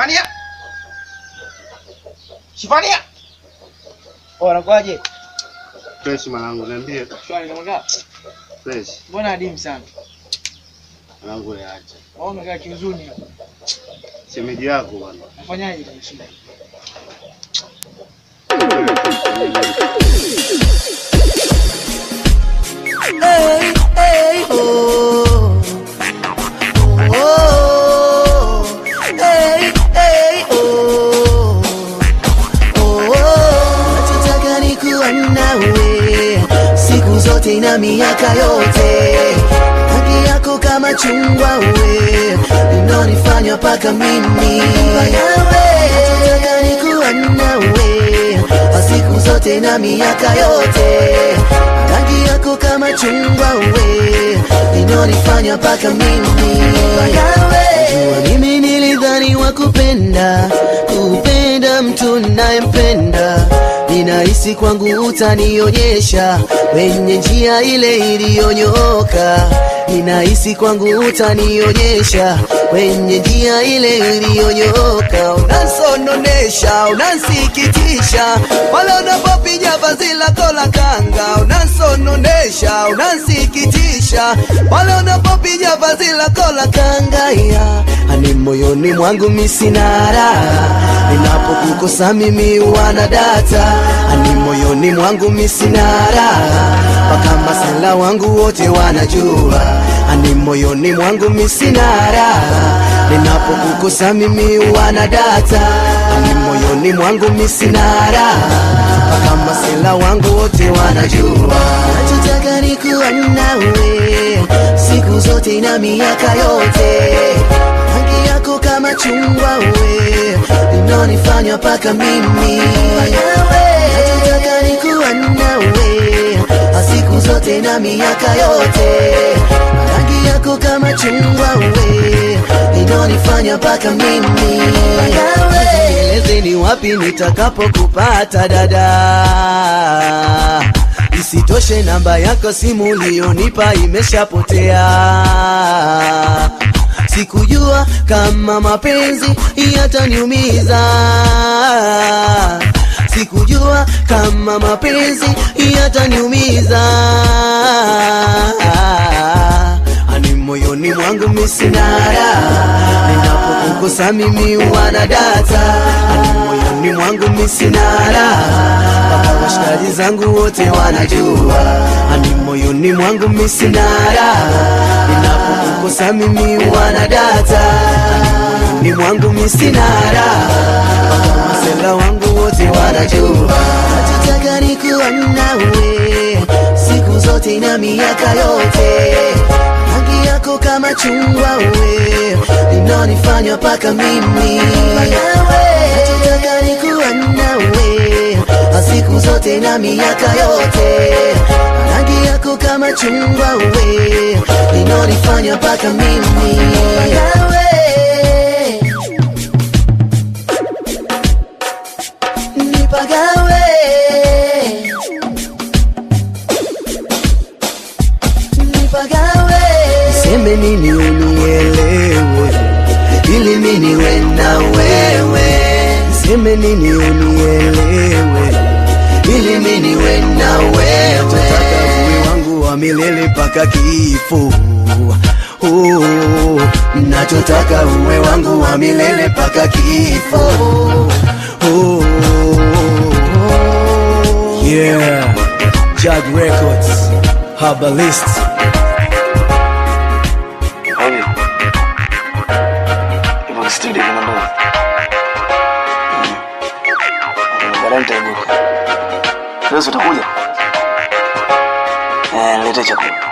Sifania. Sifania. Oh, anakuaje? Fresh mwanangu, niambie. Shwari kama ngapi? Fresh. Mbona adimu sana? Mwanangu yaacha. Waona kaka kiuzuni. Semeji yako bwana. Unafanyaje kwa yote na miaka yote, rangi yako kama chungwa, uwe unanifanya paka mimi nikuwa nawe siku zote na miaka yote, rangi yako kama chungwa, uwe unanifanya paka mimi mimi nilidhani wa kupenda kupenda mtu nayempenda ninahisi kwangu utanionyesha wenye njia ile iliyonyoka, ninahisi kwangu utanionyesha wenye njia ile iliyonyoka unaononesha unansikitisha, pale unapopiga vazi lako la kanga unasononesha unansikitisha, pale unapopiga vazi lako la kanga ya ani moyoni mwangu misinara ninapokukosa mimi wanadata data ani moyoni mwangu misinara mpaka masala wangu wote wanajua ani moyoni mwangu misinara Unapokukosa mimi wana data ni moyoni mwangu misinara Paka masela wangu wote wanajua nachotaka ni kuwa nawe siku zote na miaka yote rangi yako kama chungwa we inanifanya paka mimi nachotaka ni kuwa nawe siku zote na miaka yote rangi yako kama chungwa we ndo nifanya mpaka mimi eleze ni wapi nitakapokupata dada. Isitoshe namba yako simu ulionipa imeshapotea. Sikujua kama mapenzi yataniumiza, sikujua kama mapenzi yataniumiza. Ani moyoni mwangu misina kukosa mimi wanadata moyoni mwangu misinara baba washikaji zangu wote wanajua ani moyoni mwangu misinara ninapokukosa mimi wanadata ni mwangu misinara baba masela wangu wote wanajua najitakani kuwa nawe siku zote na miaka yote kama chungwa we linonifanya paka mimi nachotaka ni kuwa nawe asiku zote na miaka yote rangi yako kama chungwa we linonifanya paka mimi Nipagawe. Nipagawe useme nini unielewe, ili mimi niwe na wewe. Useme nini unielewe, ili mimi niwe na wewe. Nataka uwe wangu wa milele mpaka kifo. Oh, nachotaka uwe wangu wa milele mpaka kifo. yeah. Jag Records, Herbalist Wewe utakuja eh, lete chakula.